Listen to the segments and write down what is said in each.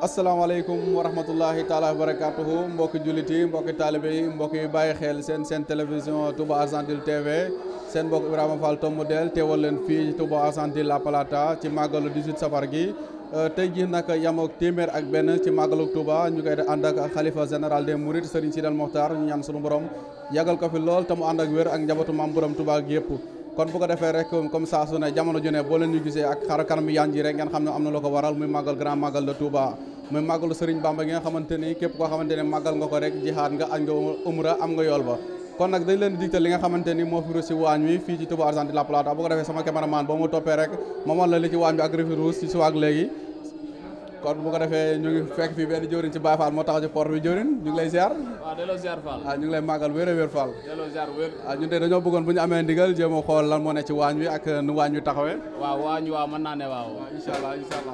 asalaamaaleykum wa rahmatullahi taala wa barakatuhu mbokki jullit yi mbokki taalibe yi mbokk yi bàyyi xel seen seen télévision Touba Argentine TV seen mbokk Ibrahima Fall tomb del teewal leen fii Touba Argentine La palaata ci màggalu 18 safar gi euh, tey jii nag yamook téeméer ak benn ci màggalu Touba ñu koy ànd ak xalifa général des Mourides Serigne Sidy Mokhtar ñu ñaan sunu borom yàggal ko fi lool te mu ànd ak wér ak njabootu maam borom Touba ak yëpp kon bu ko defee rek comme saa su ne jamono ju ne boo leen ñu gisee ak xar kanam yaan ji rek ngeen xam ne am na lu ko waral muy màggal grand màggal de Touba muy màggalu Serigne Bamba gi nga xamante ni képp koo xamante ne màggal nga ko rek jihaad nga aj nga umra am nga yool ba kon nag dañ leen di digtal li nga xamante ni moo fi ruus si waañ wi fii ci Touba Argentine La Plata bu ko defee sama caméraman boo ma toppee rek moomal la li ci léegi kon bu ko defee ñu ngi fekk fii benn jëwriñ ci Baye Fall moo taxaw ci port bi jëwriñ ñu ngi lay ziar waaw ah, ñu ngi lay màggal wér a wér Fall delloo ziar wér ah ñun tey dañoo bëggoon bu ñu amee ndigal jéem a xool lan moo ne ci waañ wi ak nu waañ wi taxawee waaw waañ waaw mën naa ne waaw ah, incha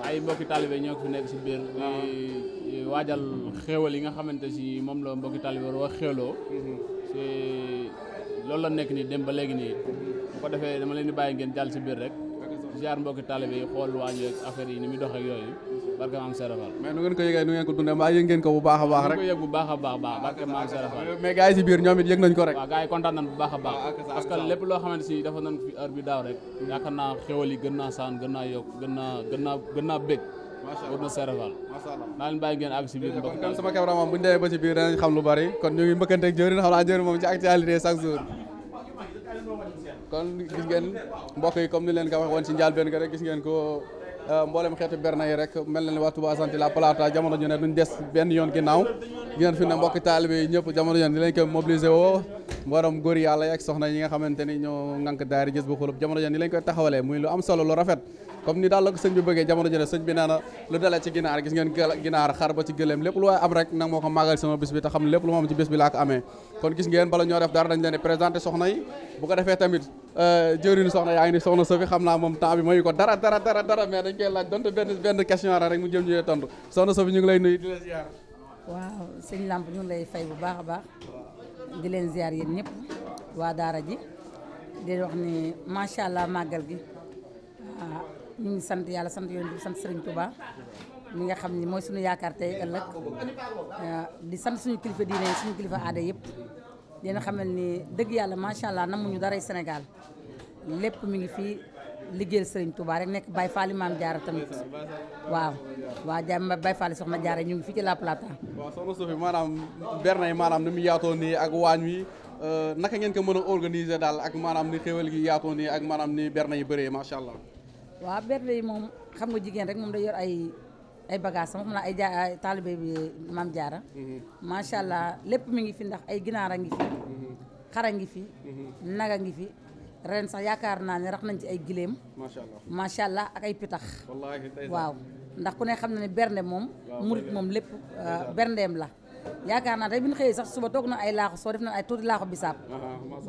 ay mbokki talibé ñoo ko fi nekk si biir ah. di waajal xéewal yi nga xamante si moom la mbokki talibé wax xéewloo si mm-hmm. loolu la nekk nii dem ba léegi nii bu mm-hmm. ko defee dama leen di bàyyi ngeen jàll si biir rek ziar mbokki talibé xool waañ wi yi ni muy dox yooyu barke maam Serafal mais nu ngeen ko yëgee nu ngeen ko dundee mbaa yëg ngeen ko bu baax a baax rek ko yëg bu baax a baax baax barke maam Serafal mais gars yi si biir ñoom it nañ ko rek waaw gars yi kontaan nañ bu baax nañ ah, ko bi daaw rek hmm. yaakaar si biir mbokk ba si biir danañ xam lu bari kon ñu ngi mbëkkante ak jëriñ xam yi comme ni leen ko wax woon si njaal benn rek gis ngeen ko Euh, mboolem xeetu berna yi rek mel na ne waa Touba Argentine La jamono ju ne duñ des benn yoon ginnaaw ngeen fi ne mbokki taalibe yi jamono ju ne lañ koy mobiliser woo mboolem góor yàlla yi ak soxna yi nga xamante ni ñoo ŋànk daari gis bu xulub jamono ju ne lañ koy taxawale muy lu am solo lu rafet comme ni daal la ko sëñ bi bëggee jamono ju ne sëñ bi nee na lu dalee ci ginaar gis ngeen ginaar xar ba ci gëléem lépp lu waay am rek nag moo ko màggal sama bis bi te xam lépp lu ma am ci bis bi laa ko amee kon gis ngeen bala ñoo présenté soxna yi bu ko defee tamit Euh, jëwriñu soxna yaa ngi ni soxna Sofi xam naa moom temps bi mayu ko dara dara dara dara mais dañ koy laaj donte benn benn question rek mu jëm ñu tontu soxna Sofi ñu ngi lay nuyu di la ziar lay fay bu baax a baax di leen ziar yéen ñëpp waa daara ji di wax ni macha allah màggal gi ah, ñu ngi sant yàlla sant yoon bi sant Serigne Touba mi nga xam ni mooy suñu yaakaar tey ëllëg ah, di sant suñu kilifa diine suñu kilifa aada yëpp dina xamal ni dëgg yàlla macha allah namuñu daray Sénégal lépp mi ngi fii liggéey Serigne Touba rek nekk bay Fall maam Diarra tamit waaw waaw jàmm sox Fall soxna Diarra ñu ngi fii ci La Plata. waaw soxna Sophie maanaam bernay ni mu yaatoo nii ak waañ wi euh, naka ngeen ko mën a organiser daal ak maanaam ni xéwal gi yaatoo nii ak maanaam ni bernay yi bëree macha allah. waaw bernay yi moom xam nga jigéen rek moom day ay. ay bagages sama xam naa ay ja ay taalibe bi maam jaara mm-hmm. macha allah lépp mi ngi fi ndax ay ginaar a ngi fi. Mm-hmm. xara ngi fi. Mm-hmm. a ngi fi. ren sax yaakaar naa ne rax nañ ci ay gileem. macha allah macha allah ak ay pitax. waaw ndax ku ne xam na ne bernde moom. murit moom lépp euh, berndeem la. yaakaar naa te bi ñu xëyee sax suba toog na ay laaxu soo def na ay tuuti laaxu bisaab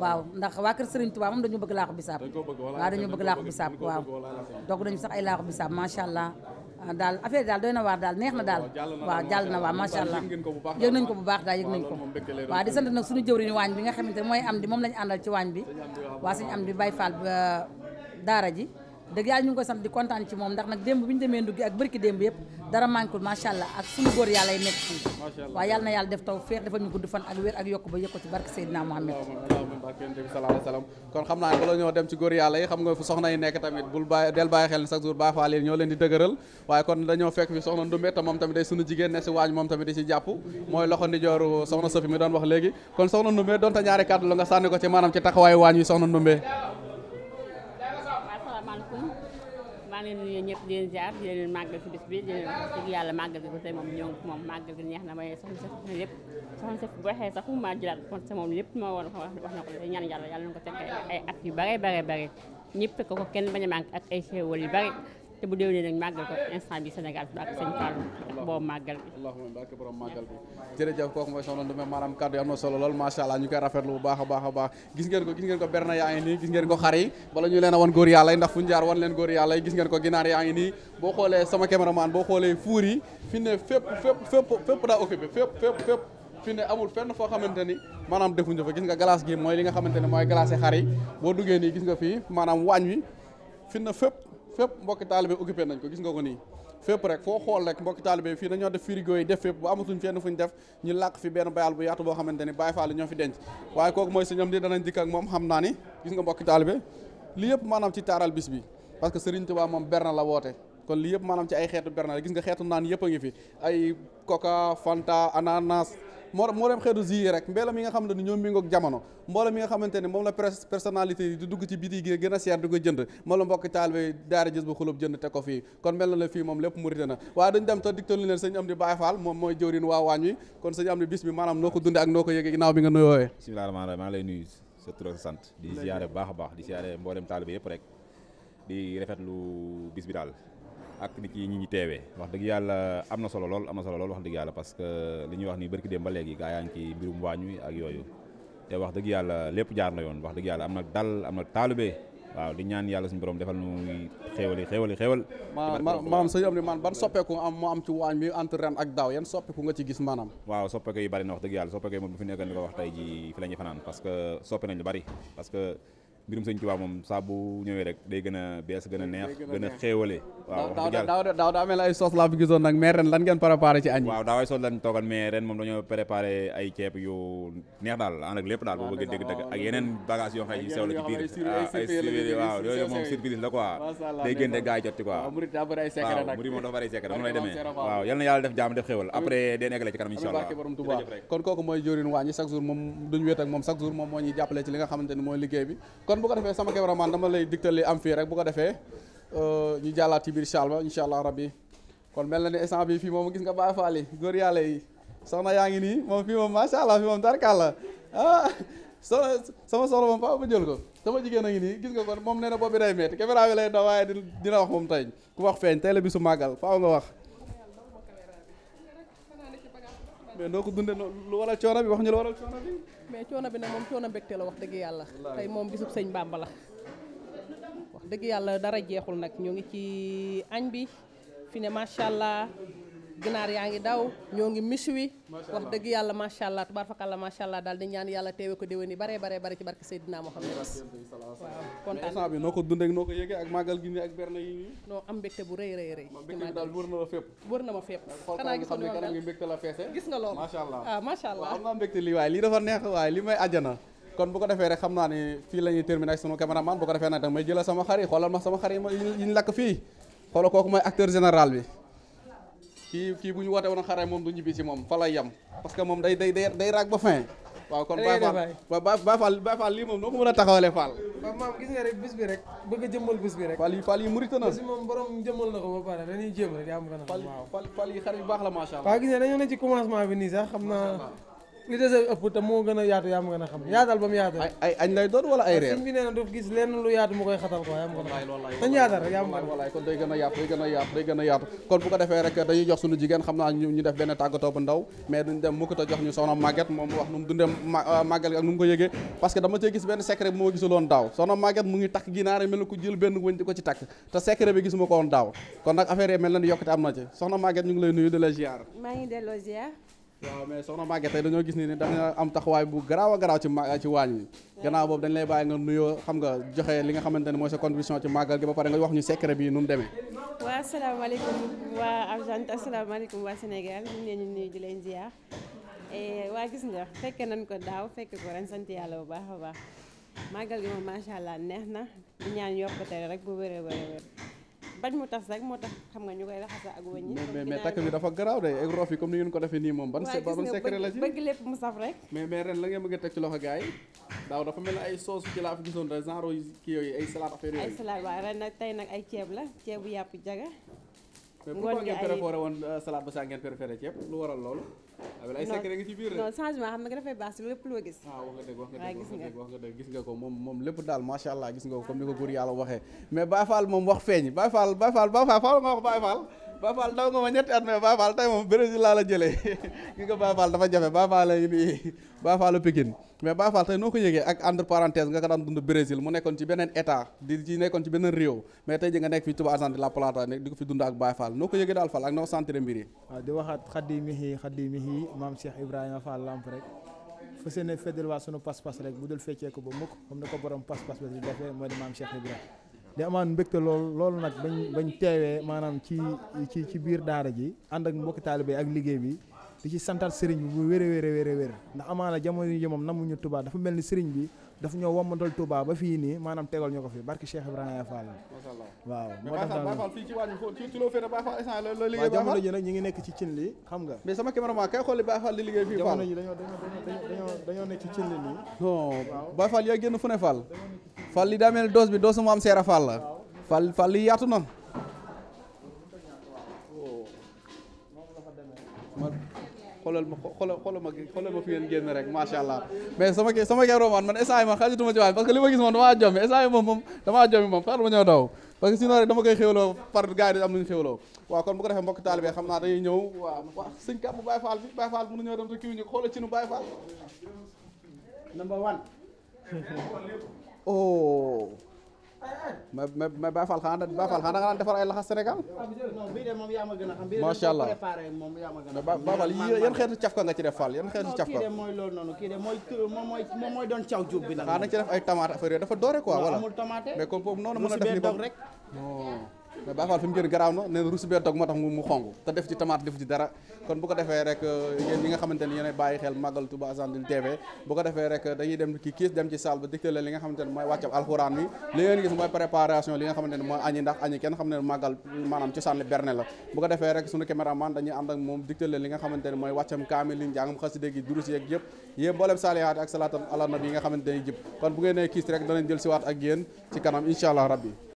waaw ndax waa kër Serigne Touba moom dañu bëgg laaxu bisaab waaw dañu bëgg laaxu bisaab waaw dogg nañu sax ay laaxu bisaab macha allah Ah, daal affaire daal doy na waar daal neex na daal waaw jàll na waaw macha allah yëg nañ ko bu baax daal yëg nañ ko waaw di sant nag suñu jëwriñu waañ bi nga xamante ne mooy am di moom lañu àndal ci waañ bi waa suñu am di bay faal euh, daara ji dëgg yàlla ñu ngi koy sant di kontaan ci moom ndax nag démb bi ñu demee nduggi ak bërki démb yëpp dara manquul macha allah ak suñu góor yàlla yi nekk fii waaw yàlla na yàlla def taw féex dafa ñu gudd fan ak wér ak yokk ba yëkko ci barke Seydina Mohamed kon xam naa bala ñoo dem ci góor yàlla yi xam nga fu soxna yi te moom tamit day suñu jigéen ne si waañ moom tamit di si jàpp mooy loxo ndijooru soxna Sofi mi doon wax léegi kon soxna Ndumbe doon ta ñaari kàddu nga sànni ko ci maanaam ci taxawaayu waañ wi soxna Ndumbe maa ngi leen nuyu ñëpp di leen jaar di leen màggal ci bis bi leen wax dëgg yàlla màggal gi ba tey moom ñëw moom màggal gi neex na ma soxna sa yëpp soxna sa bu waxee sax maa jëlaat kon sa moom lépp moo war wax na ko ñaan yàlla yàlla na ko fekk ay at yu bare bare bare ñëpp ko kenn bañ a manqué ak ay xéewal yu bare te bu déwénee nag màggal ko instant bi Sénégal bak sëñ Fallou ndax boo màggal bi allahumma barke borom màggal bi jërëjëf kooku mooy soxna Ndoumé maanaam kàddu yi na solo lool macha allah ñu koy rafetlu bu baax a baax a baax gis ngeen ko gis ngeen ko berna yaa ngi nii gis ngeen ko xar yi a wan ginaar yaa ngi nii boo xoolee sama caméraman boo xoolee fuur yi fi ne fépp fépp fépp fépp daa occupé fépp fépp fépp fi ne amul fenn foo xamante ni maanaam defuñu fa gis nga glace gi mooy li nga xamante ne mooy glacé xar yi boo duggee nii maanaam waañ wi fi ne fépp fépp mbokki taalibe occupé nañ ko gis nga ko nii fépp rek foo xool rek mbokki taalibe fii dañoo def frigo yi def fépp bu amatuñ fenn ñu def ñu làq fi benn bayal bu yaatu boo xamante ni Baay Faal ñoo fi denc waaye kooku mooy sëñam di danañ dikk ak moom xam naa ni gis nga mbokki taalibe li yëpp maanaam ci taaral bis bi parce que Serigne Touba moom ber na la woote kon lii yëpp maanaam ci ay xeetu bernard gis nga xeetu naan yëpp a ngi fi ay coca fanta ananas moo moo dem xeetu ji rek mbeelam yi nga xam ne ñoom mi ngoog jamono mboolem yi nga xamante ne moom la pres personnalité yi dugg ci biti gi gën a seer di ko jënd moom la ko fii kon mel na moom lépp murite na waaye dañ dem te digtalu leen sëñ am di Baye Fall moom mooy jëwrin maanaam noo ko dunde ak noo ko yëgee ginnaaw bi nga nuyoowee bismillah rahmaan rahim lay nuyu sa tur sa sant di siyaare baax a baax di siyaare mboolem taalibe yëpp rek di rafetlu bis bi daal ak ni ci ñi ñu teewee wax dëgg yàlla am na solo lool am na solo lool wax dëgg yàlla parce que li ñuy wax ni barki dem ba léegi gaa yaa ngi ci mbirum waañ wi ak yooyu te wax dëgg yàlla lépp jaar na yoon wax dëgg yàlla am na dal am na taalube waaw di ñaan yàlla suñu borom defal nu xéewali xéewali xéewal maanaam sëñ am ni man ban soppeeku am moo am ci waañ bi entre ren ak daaw yan soppeeku nga ci gis maanaam waaw soppeeku yu bari na wax dëgg yàlla soppeeku fi nekk ni ko wax tey ji fi la soppe nañ lu bari parce que mbirum sëñ Tuubaa moom saa bu ñëwee rek day gën a bees gën a neex gën a xéewale waaw daaw daaw daa mel ay sos laa fi gisoon nag mais ren lan ngeen préparé ci añ waaw daaw ay sos lañ toogal mais ren moom dañoo préparé ay ceeb yu neex daal ànd lépp daal boo bëggee dégg dëgg ak yeneen bagage yoo xam sew la ci day gën de gars yi jot ci quoi waaw murid moom dafa bëri ay secret noonu lay demee waaw yal na yàlla def jaam def xéwal après dee nekkale ci kanam incha allah kon kooku mooy jëriñ waañi chaque jour moom duñ wéet moom chaque Euh, ñu jàllaat ci biir Chalma incha allah rabbi kon mel na ne instant fii moom gis nga Baay Faal góor yàlla yi soxna yaa ngi nii moom fii moom macha allah fii moom tarkalla ah soxna sama soxna moom faaw ma jël ko sama jigéen a ngi nii gis nga kon moom nee na boobu day métti caméra bi lay daw waaye dina wax moom tey ku wax feeñ tey la bisu màggal faaw nga wax. mais noo ko dundee lu waral coono bi wax ñu lu waral coono bi. mais coono bi nag moom coono mbégte wax dëgg yàlla. tey moom bisub sëñ la. dëgg yàlla dara jeexul nag ñoo ngi ci añ bi fi ne macha allah ginaar yaa ngi daw ñoo ngi misu wi wax dëgg yàlla macha allah tubaarfakalla macha allah la di ñaan yàlla teewe ko déwén yi bare bare bare ci barke Seydina Mohamed bi noo ko dundee noo ko yëgee ak màggal gi ak berne yi nii non am mbégte bu rëy rëy rëy mbégte na la fépp wër na ma fépp xanaa gis nga mbégte la feese waa nga loolu macha allah ah macha allah am nga waaye lii dafa neex waaye li may àjjana kon bu ko defee rek xam naa ni fii la ñuy ak sunu caméraman bu ko defee nag damay jëlal sama xar yi ma sama xar yi ma yi ñu lakk fii bi kii kii bu ñu woote woon xare moom du ñibbi ci moom ba a taxawalee Fall a yi Fall a waaw Fall baax la macha allah waaw gis nga dañoo ne ci commencement bi nii sax xam naa li dese ëpp te moo gën a yaatu yaatal ba mu yaatu ay añ lay doon wala ay reer bi nee na daf gis lenn lu jox suñu jigéen xam naa ñu def benn tàggatoo bu ndaw mais duñ dem mukk te jox ñu soxna Maguette moom wax nu mu dundee euh, màggal ak nu mu ko yëgee parce dama cee gis benn secret bu ma gisuloon daaw soxna Maguette mu ngi takk ginaar mel ko jël benn ko ci takk te secret bi gisuma ko woon daaw kon nag affaire mel na ni yokkute am na waaw mais soxna Maguette tey dañoo gis ni da nga am taxawaay bu garaaw a garaaw ci ma ci waañ wi gannaaw boobu dañ lay bàyyi nga nuyoo xam nga joxe li nga xamante ne mooy sa contribution ci màggal gi ba pare nga wax ñu secret bi nu mu demee waa asalaamaaleykum waa Argentine asalaamaaleykum waa Sénégal ñu ngi leen di di leen eh, waa gis nga fekke nañ ko daaw fekke ko ren sant yàlla bu baax a baax màggal gi moom macha allah neex na di ñaan yokkute rek bu wér bañ mu tas rek moo tax xam nga ñu koy raxasa ak wëñ yi mais mais takk bi dafa garaaw de ak roof yi comme ni ngeen ko defee nii moom ban ban secret la ci bëgg mu saf la ngeen bëgg a teg ci ay sauce ci ren nag tey nag ay ceeb la ceebu yàpp jaga ngoon gi ay mais pourquoi ngeen préféré woon euh, salade ba saa ngeen préféré ceeb lu waral loolu Ah, ay secret gi ci biir non changement xam nga dafay baax si lépp loo gis waaw ah, wax wax nga gis nga ko moom moom lépp daal macha allah gis nga ko comme ni ko góor yàlla waxee mais Baye Fall moom wax feeñ Baye Fall Baye Fall Baye Fall nga wax Baye Fall Baafal daw nga ma ñetti at mais Baafal tey moom Brésil laa la jëlee gi nga Baafal dafa jafe Baafal la nii Baafalu Pikine mais Baafal tey noo ko yëgee ak entre parenthèse nga ko daan dund Brésil mu nekkoon ci beneen état di ci nekkoon ci beneen réew mais tey ji nga nekk fii Touba Argentine La Plata di ko fi dund ak Baafal noo ko yëgee daal Fall ak noo sentir mbir yi di waxaat xaddi mihi xaddi mihi maam Ibrahima Fall lamp rek rek bu dul feccee ko ba mukk comme ni ko maam Cheikh Ibrahima di amaan mbégte lool loolu nag bañ bañ teewee maanaam ci ci ci biir daara ji ànd ak mbokki taalibe ak liggéey bi di ci santaat sëriñ bi bu wér a wér a wér a wér ndax amaana jamono yi moom namuñu Touba dafa mel ni sëriñ bi daf ñoo wammatal Touba ba fii nii fi barki Cheikh Ibrahima Fall waaw moo tax daal Fall fii ci wàññi ko loo fee Baye Fall ji nag ñu ngi nekk ci cin li xam nga mais sama cameraman kay xool li Baye Fall di liggéey fii Fall jamono ji ci cin li nii non Baye yaa génn fu ne Fall fal li daa mel ne dose bi doosu mu am seera fal la fal fal li yaatu na xoolal ma xoolal ma xoolal ma fi ngeen génn rek macha allah mais sama kii sama kii roman man instant yi man xajatuma ci waay parce que li ma gis moom damaa jommi instant yi moom moom damaa jommi moom xaaral ma ñëw daw parce que sinon rek dama koy xéwloo par gars yi am nañu xéwloo waaw kon bu ko defee mbokk taalibe xam naa dañuy ñëw waaw wax sëñ kàpp bu Baye Fall bi Baye Fall mënu ñëw dem te kii ñu xoolal ci nu Baye oh. ma ma ma Baye Fall xanaa Baye Fall xanaa da defar ay laxas Sénégal. non bii de moom a xam. macha allah bii de préparé moom yaa ma gën a nga ci def Fall yan xeetu cafka. kii de mooy loolu noonu kii de mooy moom mooy doon na ci def ay tomate affaire yooyu dafa doore quoi. voilà amul tomate mais comme boobu noonu mën a def ni boobu rek. mais Baye Fall fi mu jël garaaw na nee na ruus bee dog tax mu xonk te def ci tamaate def ci dara kon bu ko defee rek euh, yéen ñi nga xamante ni yéen bàyyi xel Magal Touba ko defee rek dañuy dem ci kiis dem ci saal ba nga xamante ne mooy wàccab alxuraan mi li ngeen gis mooy préparation ndax kenn xam ne màggal maanaam cosaan li berne la bu defee rek suñu caméraman dañuy ànd ak moom li nga xamante ne mooy wàccam kaamil li njàngam xasida gi durus yeeg yëpp yéen mboolem saalihaat ak salaatam ala nabi yi nga xamante ne jëpp kon bu ngeen nee kiis rek ci kanam incha rabbi